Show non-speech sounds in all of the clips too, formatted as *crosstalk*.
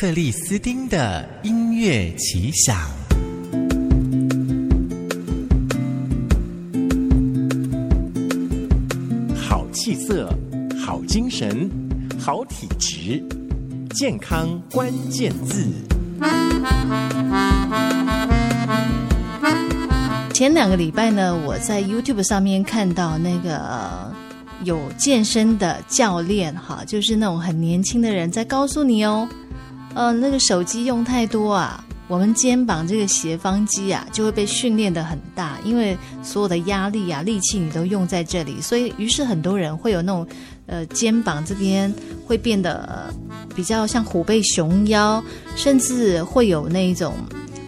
克里斯丁的音樂奇想：好氣色，好精神，好體質，健康關鍵字。前兩個禮拜呢，我在 YouTube 上面看到那個、呃、有健身的教練哈，就是那種很年輕的人在告訴你哦。呃，那個手機用太多啊，我們肩膀這個斜方肌啊，就會被訓練得很大，因為所有的壓力啊、力氣你都用在這裡，所以於是很多人會有那種，呃，肩膀這邊會變得、呃、比較像虎背熊腰，甚至會有那一種，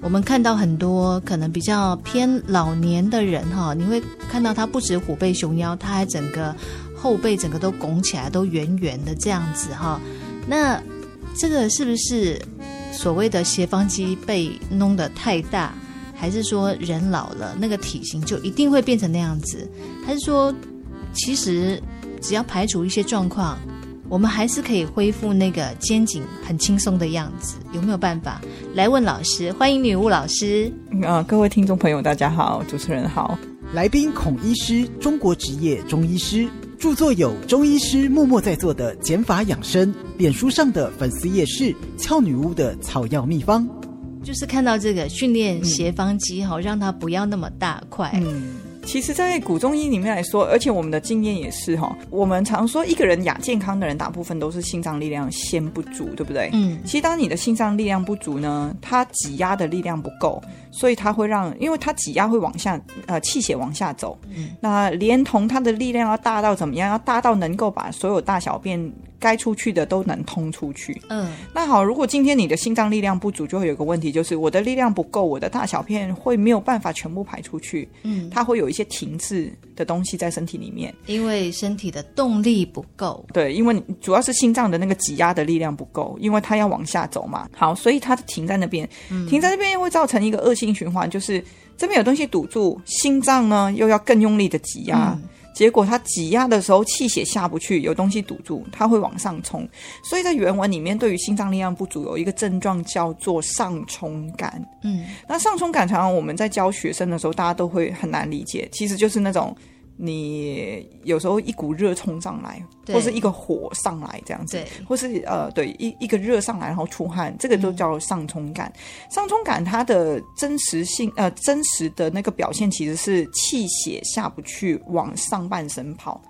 我們看到很多可能比較偏老年的人哈、哦，你會看到他不止虎背熊腰，他還整個後背整個都拱起來，都圓圓的這樣子哈、哦，那。這個是不是所謂的斜方肌被弄得太大，還是說人老了那個體型就一定會變成那樣子？還是說，其實只要排除一些狀況，我們還是可以恢復那個肩頸很輕鬆的樣子？有沒有辦法來問老師？歡迎女巫老師啊、嗯呃，各位聽眾朋友，大家好，主持人好，來賓孔醫師，中國職業中醫師。著作有中醫師默默在做的減法養生，臉書上的粉絲頁是俏女巫的草藥秘方，就是看到這個訓練斜方肌，好、嗯、讓它不要那麼大塊。嗯其實，在古中醫裡面來說，而且我們的經驗也是哈、哦，我們常說一個人亞健康的人，大部分都是心臟力量先不足，對不對？嗯，其實當你的心臟力量不足呢，它擠壓的力量不夠，所以它會讓，因為它擠壓會往下，呃，氣血往下走。嗯，那連同它的力量要大到怎麼樣？要大到能夠把所有大小便。該出去的都能通出去。嗯，那好，如果今天你的心臟力量不足，就會有個問題，就是我的力量不夠，我的大小便會沒有辦法全部排出去。嗯，它會有一些停滯的東西在身體裡面，因為身體的動力不夠。對，因為主要是心臟的那個擠壓的力量不夠，因為它要往下走嘛。好，所以它停在那邊，嗯、停在那邊又會造成一個惡性循環，就是這邊有東西堵住，心臟呢又要更用力的擠壓。嗯結果它擠壓的時候，氣血下不去，有東西堵住，它會往上衝。所以在原文裡面，對於心臟力量不足有一個症狀叫做上衝感。嗯，那上衝感，常常我們在教學生的時候，大家都會很難理解，其實就是那種。你有時候一股熱衝上來，或是一個火上來這樣子，對或是呃對一一,一個熱上來然後出汗，這個就叫上衝感。嗯、上衝感它的真實性呃真實的那個表現其實是氣血下不去，往上半身跑。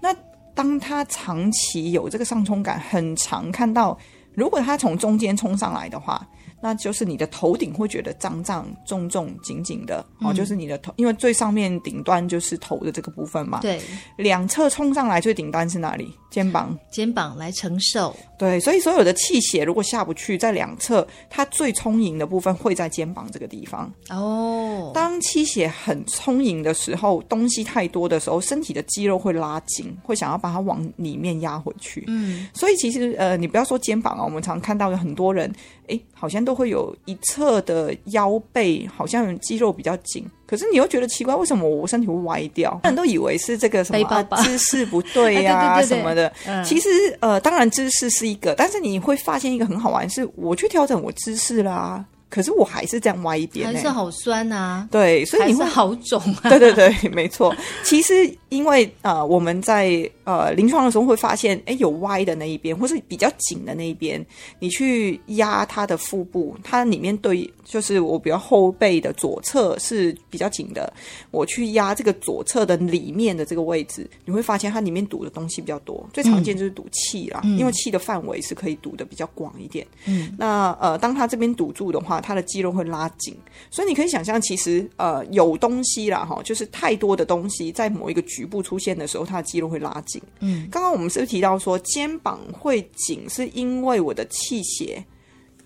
那當它長期有這個上衝感，很常看到，如果它從中間衝上來的話。那就是你的頭頂會覺得脹脹、重重、緊緊的哦，嗯、就是你的頭，因為最上面頂端就是頭的這個部分嘛。對，兩側衝上來最頂端是哪裡？肩膀，肩膀來承受。對，所以所有的氣血如果下不去，在兩側，它最充盈的部分會在肩膀這個地方。哦。當氣血很充盈的時候，東西太多的時候，身體的肌肉會拉緊，會想要把它往裡面壓回去。嗯。所以其實，呃，你不要說肩膀啊、哦，我們常看到有很多人，誒，好像都會有一側的腰背，好像肌肉比較緊。可是你又覺得奇怪，為什麼我身體會歪掉？很多人都以為是這個什麼、啊、姿勢不對呀、啊 *laughs* 啊、什麼的。嗯、其實呃，當然姿勢是一個，但是你會發現一個很好玩是，是我去調整我姿勢啦。可是我還是這樣歪一邊、欸，還是好酸啊！對，所以你會是好腫啊。對對對，沒錯。 *laughs* 其實因為呃，我們在呃臨床的時候會發現，哎，有歪的那一邊，或是比較緊的那一邊，你去壓它的腹部，它裡面對，就是我比較後背的左側是比較緊的，我去壓這個左側的裡面的這個位置，你會發現它裡面堵的東西比較多，最常見就是堵氣啦，嗯、因為氣的範圍是可以堵的比較廣一點。嗯，那呃，當它這邊堵住的話。它的肌肉會拉緊，所以你可以想象，其實呃有東西啦哈、哦，就是太多的東西在某一個局部出現的時候，它的肌肉會拉緊。嗯，剛剛我們是提到說肩膀會緊，是因為我的氣血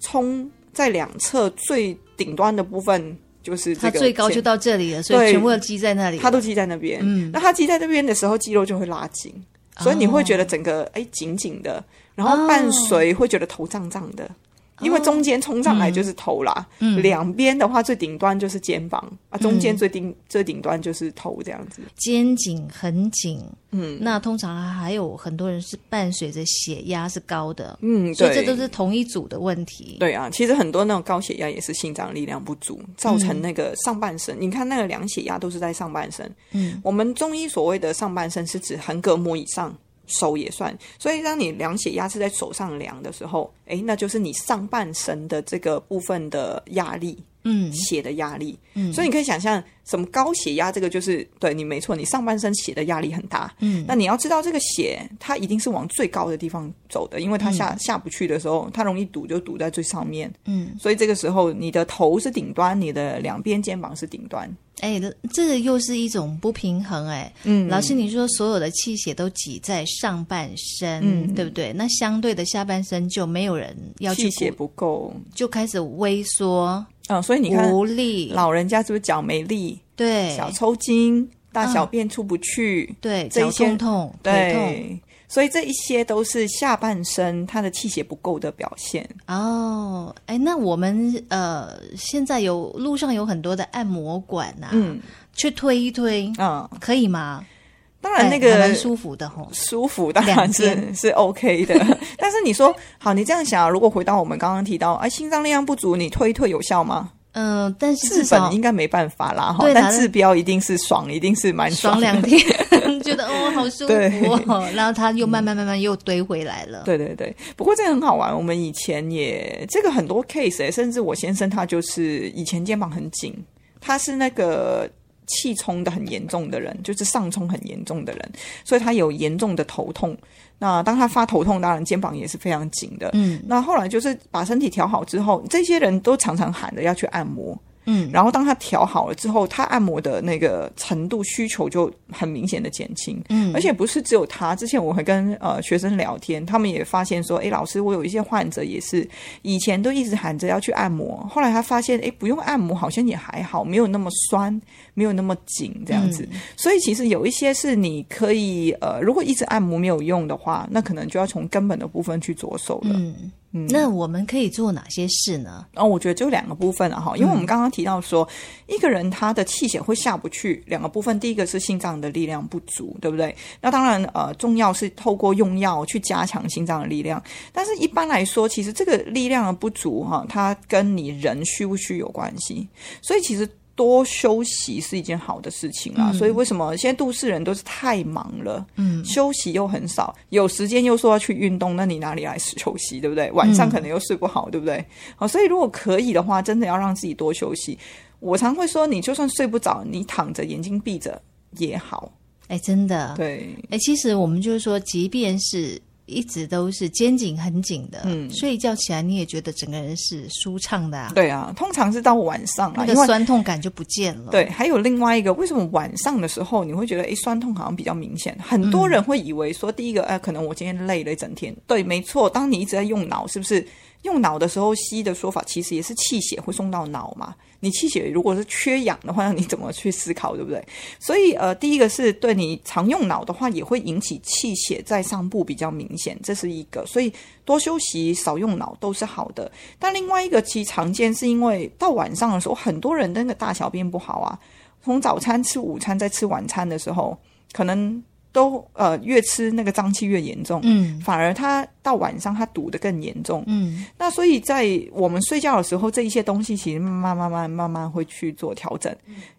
衝在兩側最頂端的部分，就是它最高就到這裡了，對所以全部都積在那裡，它都積在那邊。嗯，那它積在那邊的時候，肌肉就會拉緊，所以你會覺得整個哎、哦、緊緊的，然後伴隨會覺得頭脹脹的。哦因為中間衝上來就是頭啦，哦嗯、兩邊的話最頂端就是肩膀、嗯、啊，中間最頂、嗯、最頂端就是頭這樣子。肩頸很緊，嗯，那通常還有很多人是伴隨着血壓是高的，嗯，對，所以這都是同一組的問題。對啊，其實很多那種高血壓也是心臟力量不足造成那個上半身，嗯、你看那個量血壓都是在上半身，嗯，我們中醫所謂的上半身是指橫膈膜以上。手也算，所以當你量血壓是在手上量的時候，誒，那就是你上半身的這個部分的壓力。嗯，血的壓力嗯，嗯，所以你可以想象，什麼高血壓這個就是對你沒錯，你上半身血的壓力很大，嗯，那你要知道這個血它一定是往最高的地方走的，因為它下、嗯、下不去的時候，它容易堵，就堵在最上面，嗯，所以這個時候你的頭是頂端，你的兩邊肩膀是頂端，哎、欸，這又是一種不平衡，欸，哎，嗯，老師你說所有的氣血都擠在上半身，嗯，嗯對不對？那相對的下半身就沒有人要去，氣血不夠就開始萎縮。嗯，所以你看，無力老人家是不是腳沒力？對，小抽筋，大小便出不去，啊、對，這酸些痛，痛、對腿痛，所以這一些都是下半身他的氣血不夠的表現。哦，哎，那我們呃，現在有路上有很多的按摩館吶、啊，嗯，去推一推，嗯，可以嗎？當然，那個蠻舒服的吼，舒服當然是是 OK 的。但是你說好，你這樣想啊？如果回到我們剛剛提到，哎，心臟力量不足，你推一推有效嗎？嗯，但是治本應該沒辦法啦，哈。但治標一定是爽，一定是蠻爽兩天，覺得哦好舒服哦。然後他又慢慢慢慢又堆回來了。對對對，不過這個很好玩。我們以前也這個很多 case，甚至我先生他就是以前肩膀很緊，他是那個。氣沖的很嚴重的人，就是上沖很嚴重的人，所以他有嚴重的頭痛。那當他發頭痛，當然肩膀也是非常緊的。嗯，那後來就是把身體調好之後，這些人都常常喊着要去按摩。嗯，然後當他調好了之後，他按摩的那個程度需求就很明顯的減輕。嗯，而且不是只有他，之前我會跟呃學生聊天，他們也發現說，誒老師，我有一些患者也是以前都一直喊着要去按摩，後來他發現，誒不用按摩好像也還好，沒有那麼酸，沒有那麼緊這樣子。嗯。所以其實有一些是你可以呃，如果一直按摩沒有用的話，那可能就要從根本的部分去着手了。嗯。嗯、那我們可以做哪些事呢？哦，我覺得就兩個部分了哈，因為我們剛剛提到說，嗯、一個人他的氣血會下不去，兩個部分，第一個是心臟的力量不足，對不對？那當然，呃，中藥是透過用藥去加強心臟的力量，但是一般來說，其實這個力量的不足哈，它跟你人虛不虛有關係，所以其實。多休息是一件好的事情啦，嗯、所以為什麼現在都市人都是太忙了？嗯，休息又很少，有時間又說要去運動，那你哪裡來休息？對不對？晚上可能又睡不好，嗯、對不對？好，所以如果可以的話，真的要讓自己多休息。我常會說，你就算睡不着，你躺着眼睛閉着也好。哎、欸，真的，對，哎、欸，其實我們就是說，即便是。一直都是肩頸很緊的，嗯，睡一覺起來你也覺得整個人是舒暢的，啊。對啊，通常是到晚上那個酸痛感就不見了。對，還有另外一個，為什麼晚上的時候你會覺得誒、欸，酸痛好像比較明顯？很多人會以為說，嗯、第一個，哎、呃，可能我今天累了一整天，對，沒錯，當你一直在用腦，是不是？用腦的時候，西醫的說法其實也是氣血會送到腦嘛。你氣血如果是缺氧的話，你怎麼去思考，對不對？所以，呃，第一個是對你常用腦的話，也會引起氣血在上部比較明顯，這是一個。所以多休息、少用腦都是好的。但另外一個，其實常見是因為到晚上的時候，很多人的那個大小便不好啊。從早餐吃、午餐再吃晚餐的時候，可能。都，呃，越吃那個脹氣越嚴重，嗯，反而它到晚上它堵得更嚴重，嗯，那所以在我們睡覺的時候，這一些東西其實慢慢慢慢慢慢會去做調整，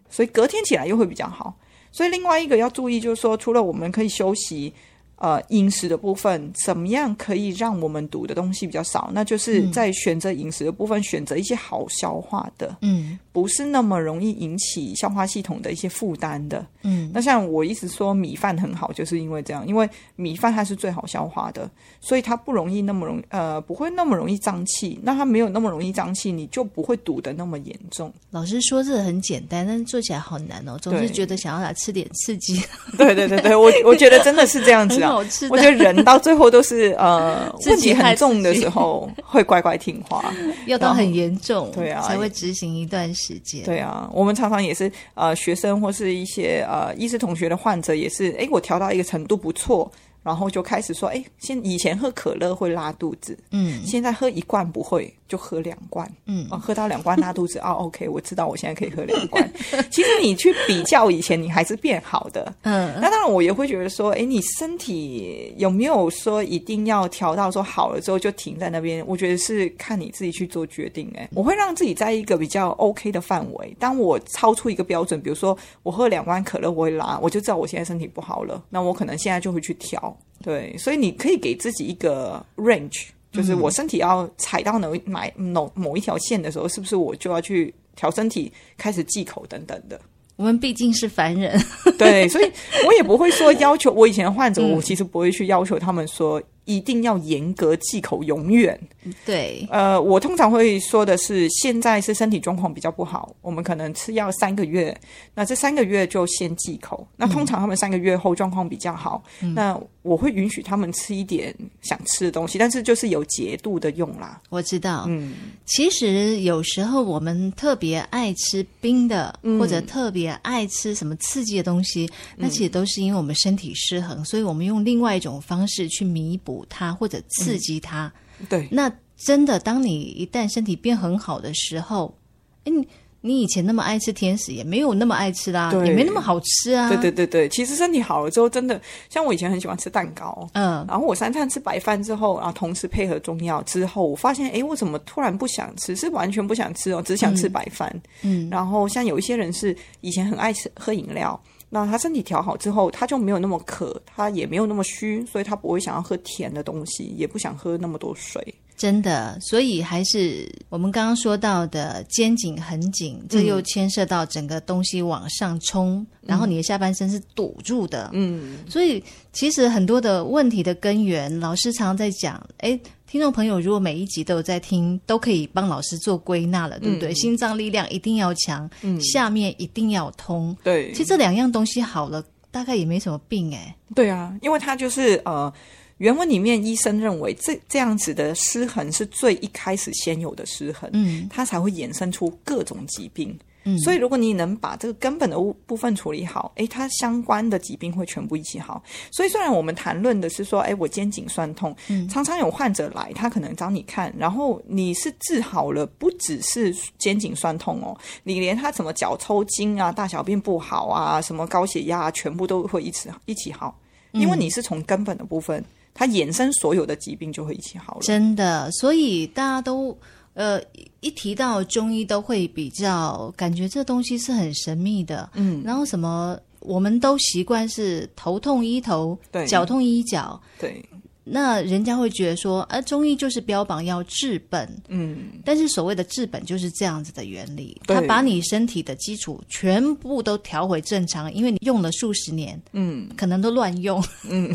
所以隔天起來又會比較好。所以另外一個要注意就是說，除了我們可以休息，呃，飲食的部分怎麼樣可以讓我們堵的東西比較少？那就是在選擇飲食的部分，嗯、選擇一些好消化的，嗯，不是那麼容易引起消化系統的一些負擔的，嗯。那像我一直說米飯很好，就是因為這樣，因為米飯它是最好消化的，所以它不容易那麼容易呃不會那麼容易脹氣。那它沒有那麼容易脹氣，你就不會堵得那麼嚴重。老師說這個很簡單，但做起來好難哦，總是覺得想要來吃點刺激對。對對對對，我我覺得真的是這樣子啊。 *laughs* 好吃。我覺得人到最後都是呃，自己自問題很重的時候會乖乖聽話，要到很嚴重然後，對啊才會執行一段時間。對啊，我們常常也是呃，學生或是一些呃醫師同學的患者也是，哎，我調到一個程度不錯，然後就開始說，哎，現以前喝可樂會拉肚子，嗯，現在喝一罐不會。就喝兩罐，嗯、哦，喝到兩罐拉肚子，哦，OK，我知道我現在可以喝兩罐。 *laughs* 其實你去比較以前，你還是變好的，嗯。 *laughs* 那當然，我也會覺得說，誒，你身體有沒有說一定要調到說好了之後就停在那邊？我覺得是看你自己去做決定。欸。誒，我會讓自己在一個比較 OK 的範圍。當我超出一個標準，比如說我喝兩罐可樂我會拉，我就知道我現在身體不好了。那我可能現在就會去調。對，所以你可以給自己一個 range。就是我身體要踩到哪買某、嗯、某一條線的時候，是不是我就要去調身體，開始忌口等等的？我們畢竟是凡人， *laughs* 對，所以我也不會說要求我以前的患者，嗯、我其實不會去要求他們說一定要嚴格忌口，永遠。對，呃，我通常會說的是，現在是身體狀況比較不好，我們可能吃藥三個月，那這三個月就先忌口。那通常他們三個月後狀況比較好，嗯、那。嗯我會允許他們吃一點想吃的東西，但是就是有節度的用啦。我知道，嗯，其實有時候我們特別愛吃冰的，嗯、或者特別愛吃什麼刺激的東西，那其實都是因為我們身體失衡，嗯、所以我們用另外一種方式去彌補它或者刺激它。嗯、對，那真的，當你一旦身體變很好的時候，嗯，欸，你。你以前那麼愛吃甜食，也沒有那麼愛吃啦、啊，對也沒那麼好吃啊。對對對對，其實身體好了之後，真的像我以前很喜歡吃蛋糕，嗯，然後我三餐吃白飯之後，然後同時配合中藥之後，我發現，哎，我怎麼突然不想吃，是完全不想吃哦，只想吃白飯。嗯，嗯然後像有一些人是以前很愛吃喝飲料，那他身體調好之後，他就沒有那麼渴，他也沒有那麼虛，所以他不會想要喝甜的東西，也不想喝那麼多水。真的，所以還是我們剛剛說到的肩頸很緊，這又牽涉到整個東西往上衝，嗯、然後你的下半身是堵住的。嗯，所以其實很多的問題的根源，老師常常在講。哎，聽眾朋友，如果每一集都有在聽，都可以幫老師做歸納了，對不對？嗯、心臟力量一定要強，嗯、下面一定要通。對，其實這兩樣東西好了，大概也沒什麼病哎、欸。對啊，因為他就是呃。原文裡面，醫生認為這這樣子的失衡是最一開始先有的失衡，嗯，它才會衍生出各種疾病。嗯，所以如果你能把這個根本的部分處理好，誒，它相關的疾病會全部一起好。所以雖然我們談論的是說，誒，我肩頸酸痛，嗯，常常有患者來，他可能找你看，然後你是治好了，不只是肩頸酸痛哦，你連他什麼腳抽筋啊、大小便不好啊、什麼高血壓啊，全部都會一起一起好，因為你是從根本的部分。嗯它衍生所有的疾病就會一起好了，真的。所以大家都，呃，一提到中醫都會比較感覺這東西是很神秘的，嗯。然後什麼，我們都習慣是頭痛醫頭，對；腳痛醫腳，對。那人家會覺得說，呃、啊，中醫就是標榜要治本，嗯，但是所謂的治本就是這樣子的原理，他對把你身體的基礎全部都調回正常，因為你用了數十年，嗯，可能都亂用，嗯，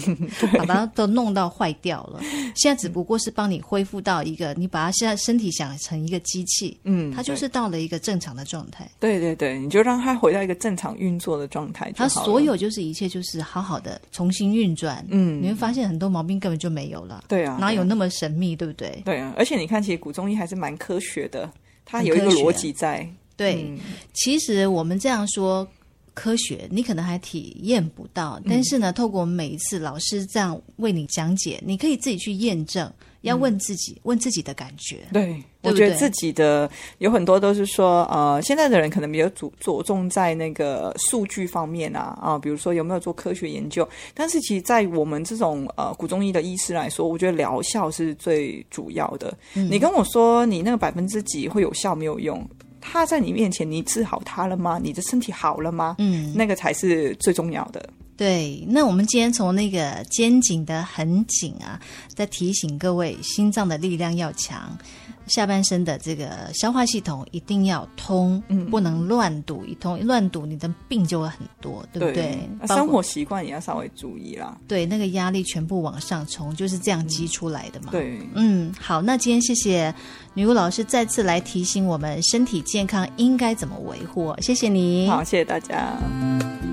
把它都弄到壞掉了。現在只不過是幫你恢復到一個，嗯、你把它現在身體想成一個機器，嗯，它就是到了一個正常的狀態。對對對，你就讓它回到一個正常運作的狀態，它所有就是一切就是好好的重新運轉，嗯，你會發現很多毛病根本就。就沒有了，對啊，哪有那麼神祕，對不對？對啊，而且你看，其實古中醫還是蠻科學的，它有一個邏輯在。嗯、對，其實我們這樣說科學，你可能還體驗不到，但是呢，嗯、透過每一次老師這樣為你講解，你可以自己去驗證，要問自己，嗯、問自己的感覺。對。我覺得自己的對對，有很多都是說，呃，現在的人可能比較着着重在那個數據方面啊，啊、呃，比如說有沒有做科學研究，但是其實在我們這種呃古中醫的醫師來說，我覺得療效是最主要的。嗯、你跟我說你那個百分之幾會有效沒有用？他在你面前你治好他了嗎？你的身體好了嗎？嗯，那個才是最重要的。對，那我們今天從那個肩頸的很緊啊，再提醒各位，心臟的力量要強。下半身的這個消化系統一定要通，嗯、不能亂堵。一通一亂堵，你的病就會很多，對不對？對，包括、啊，生活習慣也要稍微注意啦。對，那個壓力全部往上衝，就是這樣積出來的嘛。嗯、對，嗯，好，那今天謝謝女巫老師再次來提醒我們身體健康應該怎麼維護，謝謝你。好，謝謝大家。